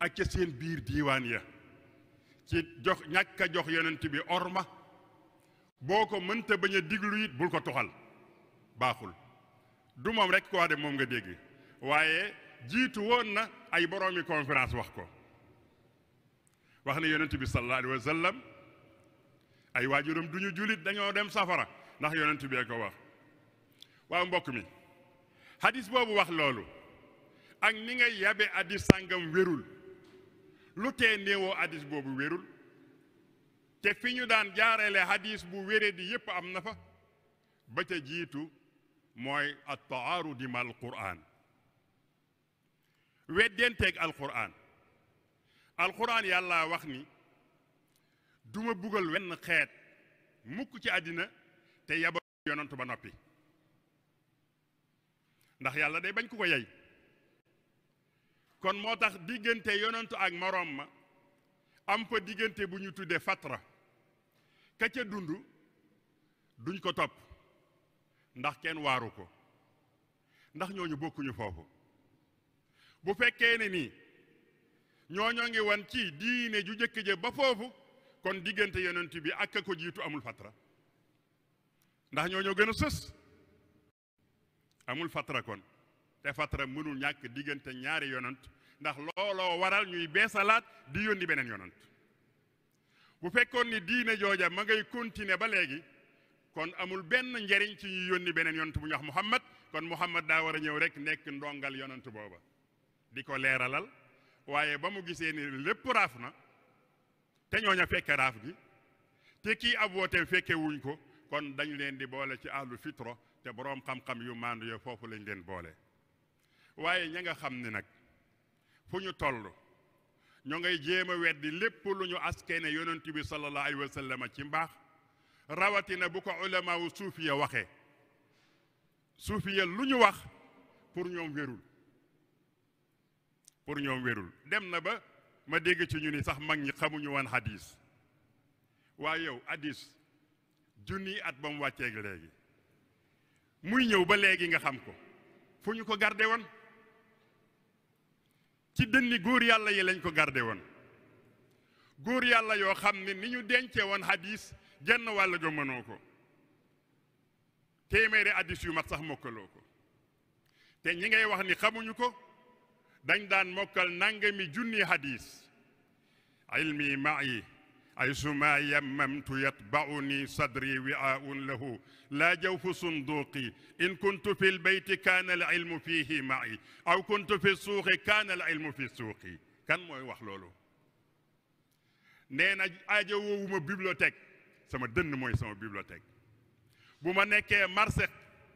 ak ca seen biir diiwaan ya ci jox ñàkk a jox yonent bi orma boo ko mënta bañ a diglu it bul ko toxal baaxul du moom rek ko de moom nga dégg waaye jiitu woon na ay boroomi conférence wax ko wax na yonent bi sallallahu alayhi wa ay waajuram duñu ñu jullit dañoo dem safara ndax yonent bee ko wax waaw mbokk mi hadis boobu wax loolu ak ni nga yabe hadis sàngam wérul lu tee néewoo hadis boobu wérul te fi ñu daan jaareele hadis bu wéree di yépp am na fa ba ca jiitu mooy at taarudi ma alquran weddenteeg alquran alquran yàlla wax ni duma bugal wenn xeet mukk ci àddina te yaba yonantu ba noppi ndax yàlla day bañ ku ko yey kon moo tax diggante yonentu ak moroom ma am fa diggante bu ñu tuddee fatra ka dund duñ ko topp ndax kenn waaru ko ndax ñooñu bokkuñu foofu bu fekkee ne nii ñooñoo ngi wan ci diine ju jëkk je ba foofu kon diggante yonent bi ak ko jiitu amul fatra ndax ñooñoo gën a sës amul fatra kon te fatra mënul ñàkk diggante ñaari yonent ndax looloo waral ñuy salaat di yónni beneen yonant bu fekkoon ni diine jooja ma ngay continuer ba léegi kon amul benn njariñ ci ñuy yónni beneen yonant bu ñax wax Muhammad kon Muhammad daa war a ñëw rekk nekk ndongal yonant booba di ko leeralal waaye ba mu gisee ni lépp raaf na te ñooña fekke raaf gi te kii ab wooteem fekke wuñ ko kon dañu leen di boole ci ahlu fitro te boroom xam-xam yu maandu yo foofu lañ leen boole waaye ña nga xam ni nag fu ñu toll ñoo ngay jéem a weddi lépp lu ñu askene yonent bi sallallahu alayhi wa sallam ci mbaax rawatina bu ko ulama wu suufiya waxee suufiya lu ñu wax pour ñoom wérul pour ñoom wérul dem na ba ma dégg ci ñu ni sax mag ñi xamuñu woon hadis waaye yow hadis junni at ba mu wàcceeg léegi muy ñëw ba léegi nga xam ko fu ñu ko garde ci dënni góor yàlla yi lañ ko garde woon góor yàlla yoo xam ne ni ñu dencee woon hadis genn wàll ga mënoo ko téeméeri hadis yu mat sax mokkaloo ko te ñi ngay wax ni xamuñu ko dañ daan mokkal nangami junni hadis ilmi ma'i aysumaa yammamtu yatba'uni sadri wi'aa'un lahu laa jawfu sunduuqi in kuntu fi lbeyti kaana alilmu fiihi ma'i aw kuntu fi suuqi kaana alilmu fi suuqi kan mooy wax loolu nee na aajo woowuma bibliothèque sama dënn mooy sama bibliothèque bu ma nekkee marché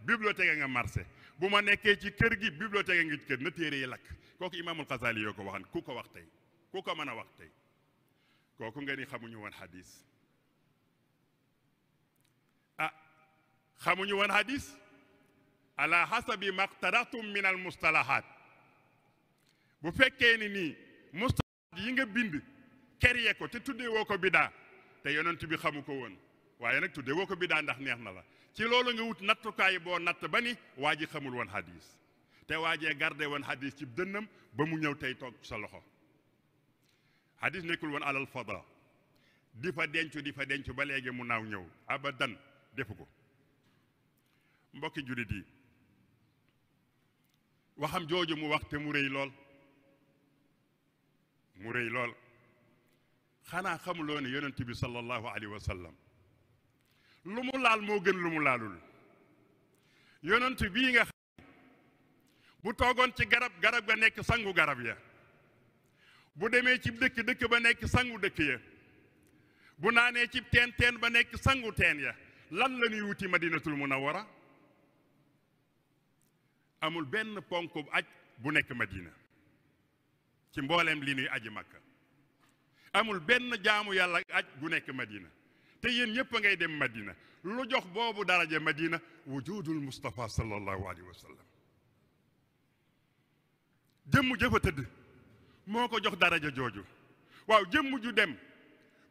bibliothèque nga marché bu ma nekkee ci kër gi bibliothèque nga ci kër na téere yi lakk kooku imaamul Xasaali yoo ko waxan ku ko wax tey ku ko mën a wax tey kooku nga ni xamuñu woon xadis ah xamuñu woon xadis ala xasabi maqtaratum min al mustalahat bu fekkee ni nii mustalahat yi nga bind kéré ko te tuddee woo ko bidaa te yonent bi xamu ko woon waaye nag tuddee woo ko bidaa ndax neex na la ci loolu nga wut nattukaay boo natt ba ni waa ji xamul woon xadis te waa jee garde woon xadis ci dënnam ba mu ñëw tey toog sa loxo xadis nekkul woon alal fada di fa dencu di dencu ba léegi mu naaw ñëw abadan defu ko mbokki jullit waxam jooju mu wax te mu rëy lool mu rëy lool xanaa xamuloo ne yonent bi sallallahu alayhi wa sallam lu mu laal moo gën lumu laalul yonent bii nga bu toogoon ci garab garab ga nekk sangu garab ya bu demee ci dëkk dëkk ba nekk sangu dëkk ya bu naanee ci teen teen ba nekk sangu teen ya lan la ñuy wuti madinatul munawwara amul benn ponk bu aj bu nekk madina ci mboolem li ñuy aji makka amul benn jaamu yàlla aj bu nekk madina te yéen ñëpp ngay dem madina lu jox boobu daraja madina wujudul mustafa sallallahu alayhi wa sallam jëmm jëfa tëdd moo ko jox daraja jooju waaw jëmm ju dem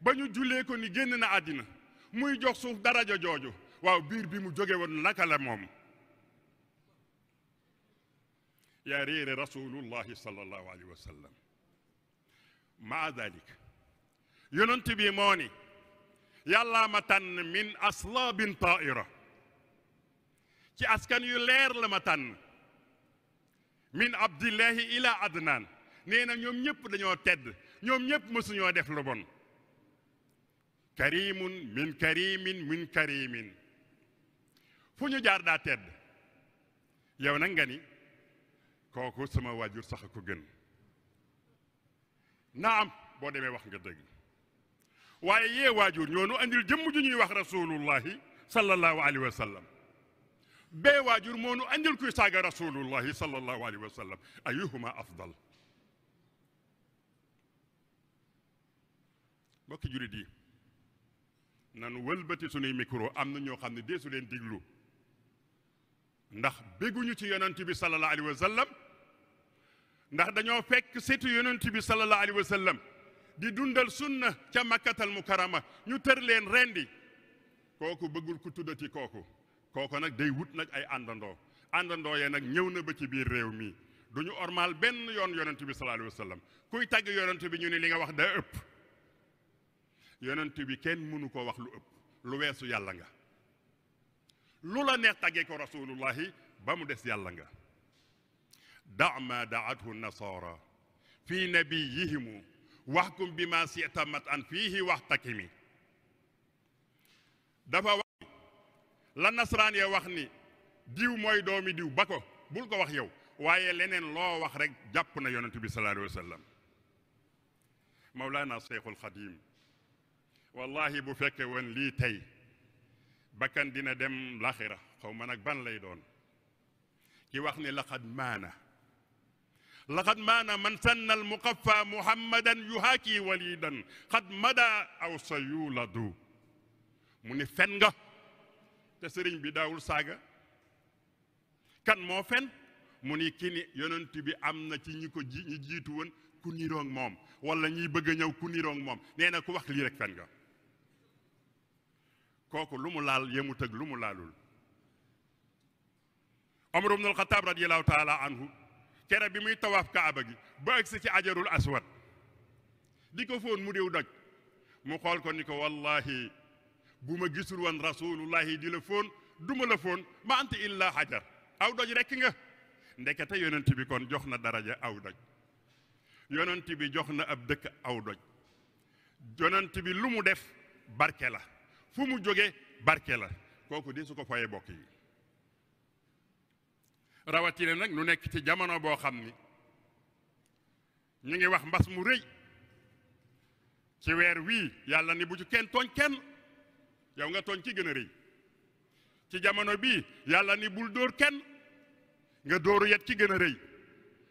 bañu ñu ko ni génn na àddina muy jox suuf daraja jooju waaw biir bi mu jóge woon naka la moom yaa réere rasulullahi sallallahu alayhi wa sallam maa dalik yonent bi moo ni ma tànn min aslaabin taa'ira ci askan yu leer la ma tànn min abdillahi ila adnaan nee na ñoom ñëpp dañoo tedd ñoom ñëpp mësuñoo def lu bon karimun min karimin min karimin fu ñu jaar daa tedd yow nag nga ni kooku sama waajur sax a ko gën naam boo demee wax nga dëgg waaye yee waajur ñoo nu andil jëmm ju ñuy wax rasulullahi sallallahu alayhi wa sallam bee waajur moo nu andil kuy saaga rasulullahi sallallahu alayhi wa sallam ayuhuma afdal mbokki jurit yi nanu wëlbati sunuy micro am na ñoo xam ne deesu leen diglu ndax bégguñu ci yonent bi sallallahu alayhi wa ndax dañoo fekk setu yonent bi sallallahu alayhi wa sallam di dundal na ca makkatal mukarama ñu tër leen rendi kooku bëggul ku tuddati kooku kooku nag day wut nag ay àndandoo àndandoo ya nag ñëw na ba ci biir réew mi du ñu ormaal benn yoon yonent bi sallallahu alayhi wa sallam kuy tagg yonent bi ñu ne li nga wax da ëpp yonent bi kenn mënu ko wax lu ëpp lu weesu yàlla nga lu la neex tàggee ko rasulullahi ba mu des yàlla nga da ma daathu nasara fi nabiyihimu waxkum bi ma sita mat an fiihi wax takimi dafa wax la nasraan ya wax ni diw mooy doomi diw ba ko bul ko wax yow waaye leneen loo wax rek jàpp na yonent bi sallallahu alayhi wa sallam mawlaana Seexul Xadiim wallahi bu fekkee won lii tey bakkan dina dem laxira xaw ma nag ban lay doon ki wax ni laqad maana laqad maana man sanna al muqaffa muhammadan yuhaaki walidan xad mada aw sa yuladu mu ni fen nga te sëriñ bi daawul saaga kan moo fen mu ni ki ni yonent bi am na ci ñi ko ji jiitu woon ku niroog moom wala ñiy bëgg a ñëw ku niroog moom nee na ku wax lii rek fen nga kooku lu mu laal yemu tëg lu mu laalul omar ibnul xataab radiallahu taala anhu kere bi muy tawaaf kaaba gi ba si ci ajarul aswad di ko foon mu déw doj mu xool ko ni ko wallahi bu ma gisul woon rasulullahi di la foon duma la foon ma anta illa hajar aw doj rekk nga ndekete yonent bi kon jox na daraja aw doj yonent bi jox na ab dëkk aw doj yonent bi lu mu def barke la fu mu jóge barke la kooku di su ko foye bokk yi rawatina nag nu nekk ci jamono boo xam ni ñu ngi wax mbas mu rëy ci weer wii yàlla ni bu ci kenn tooñ kenn yow nga tooñ ci gën a rëy ci jamono bii yàlla ni bul dóor kenn nga dóoru yet ci gën a rëy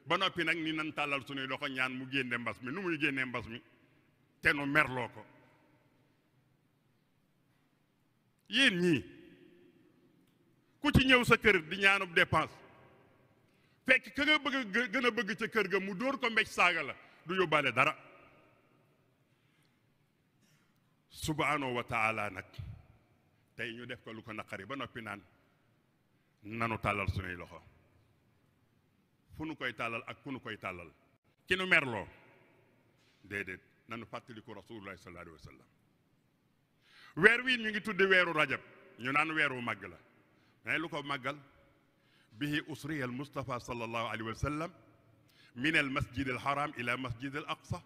ba noppi nag nii nan tàllal sunuy loxo ñaan mu génne mbas mi nu muy génnee mbas mi te nu merloo ko yéen ñii ku ci ñëw sa kër di ñaanub dépense fekk ka a gën a bëgg ca kër ga mu dóor ko mbéj saaga la du yóbbaale dara subhaanahu wa taala nag tey ñu def ko lu ko naqari ba noppi naan nanu tàllal suñuy loxo fu nu koy tàllal ak fu nu koy tàllal ki nu merloo déedéet nanu fàttaliku rasulullahi sallallahu alayhi wa sallam weer wii ñu ngi tudde weeru rajab ñu naan wu màgg la mais lu ko màggal bihi usriya al mustafa sallallahu alayhi wa sallam min al masjid al haram ila masjid al aqsa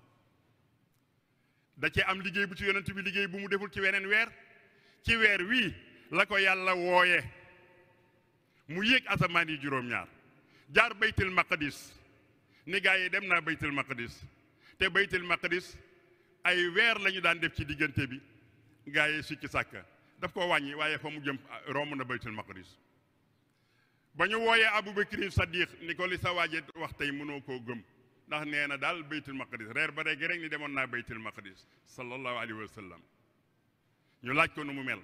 da cee am liggéey bu ci yonent bi liggéey bu mu deful ci weneen weer ci weer wii la ko yàlla wooye mu yéeg asamaan yi juróom-ñaar jaar baytil maqdis ni gaa yi dem naa baytil maqdis te baytil maqdis ay weer la daan def ci diggante bi gaa yi sikki sàkka daf koo wàññi waaye fa mu jëm ah, romb na baytul maqdis ba ñu wooyee aboubacrin sadiq ni ko li sa waaje wax tey mënoo koo gëm ndax nee na daal baytul maqdis reer ba rek rek ni demoon naa baytul maqdis sallallahu alayhi wa sallam ñu laaj ko nu mu mel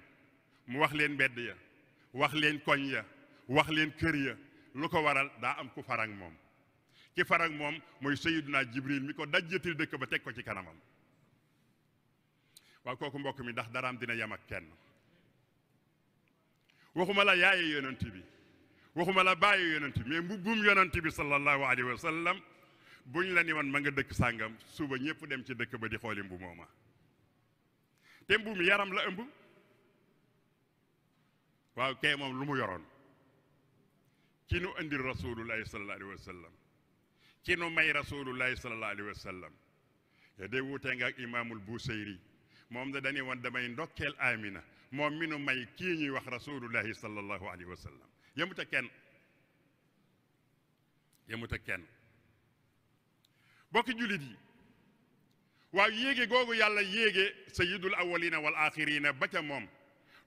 mu wax leen mbedd ya wax leen koñ ya wax leen kër ya lu ko waral daa am ku farang moom ki farang moom mooy sayiduna jibril mi ko dajjatil dëkk ba teg ko ci kanamam waaye kooku mbokk mi ndax daraam dina yem ak kenn waxuma la yaaye yonent bi waxuma la bàyyi yonent bi mais mbubbum yonent bi sallallahu alayhi wa sallam buñ la ni woon ma nga dëkk sàngam suba ñëpp dem ci dëkk ba di xooli mbu mooma te mbu yaram la ëmb waaw kay moom lu mu yoroon ci nu indi rasulullahi sallallahu alayhi wa sallam ki nu may rasulullahi sallallahu alayhi wa sallam te day wuutee imaamul Buseyri moom da dañuy woon damay ndokkeel Amina moom mi nu may kii ñuy wax rasulullahi sallallahu alayhi wa sallam yemut a kenn yemut a kenn bokki jullit yi waaw yéege googu yàlla yéege sayyidul awwalina wal axirina ba ca moom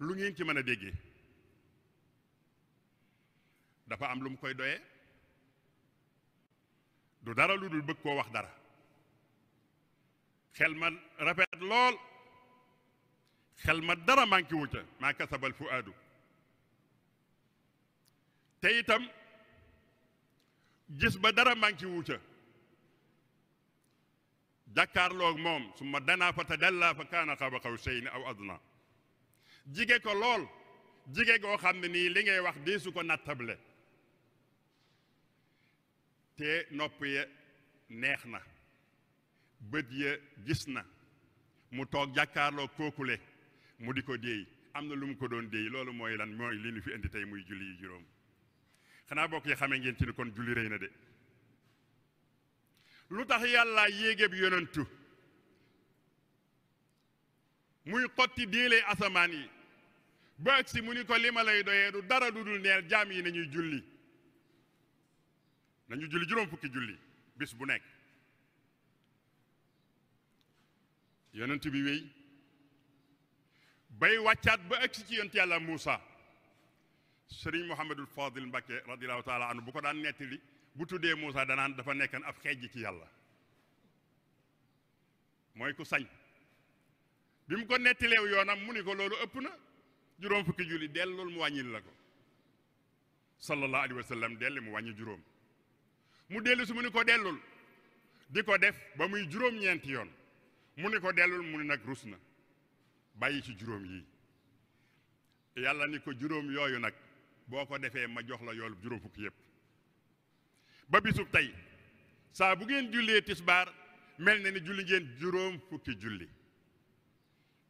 lu ngeen ci mën a déggee dafa am lu mu koy doyee du dara lu dul bëgg koo wax dara xel ma rafet lool xel ma dara manqué ca maa kasabal fu aadu te itam gis ba dara manqué ca jàkkaarloog moom su ma danaa fa te dellaa fa kaana xaba xaw sëy ni aw adna jige ko lool jige koo xam ne nii li ngay wax dee su ko nattable te nopp ya neex na bët ya gis na mu toog jàkkaarloo kookule mu di ko déey am na lu mu ko doon déey loolu mooy lan mooy li ñu fi indi tey muy julli yu juróom xanaa bokk yi xamee ngeen ci ni kon julli rëy na de lu tax yàlla yéegéeb yonentu muy xotti déelee asamaan yi ba si mu ni ko li ma lay doyee du dara du dul neel jaam yi nañuy julli nañu julli juróom fukki julli bis bu nekk yonent bi wéy bay wàccaat ba agsi ci yonent yàlla muusa sëriñ Mouhamadul Fadil Mbacke radiallahu taala anhu bu ko daan nettali bu tuddee muusa danaan dafa nekkan ab xeej ci yàlla mooy ku sañ bi mu ko nettileew yoonam mu ni ko loolu ëpp na juróom fukki julli del mu wàññil la ko sallallahu alayhi wa sallam delli mu wàññi juróom mu dellu si mu ni ko dellul di ko def ba muy juróom-ñeenti yoon mu ni ko dellul mu ni nag rus na bàyyi ci juróom yi yàlla ni ko juróom yooyu nag boo ko defee ma jox la yoolu juróom fukk yépp ba bisub tey saa bu ngeen jullee tisbaar mel na ni julli ngeen juróom fukki julli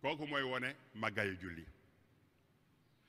kooku mooy wone màggaayu julli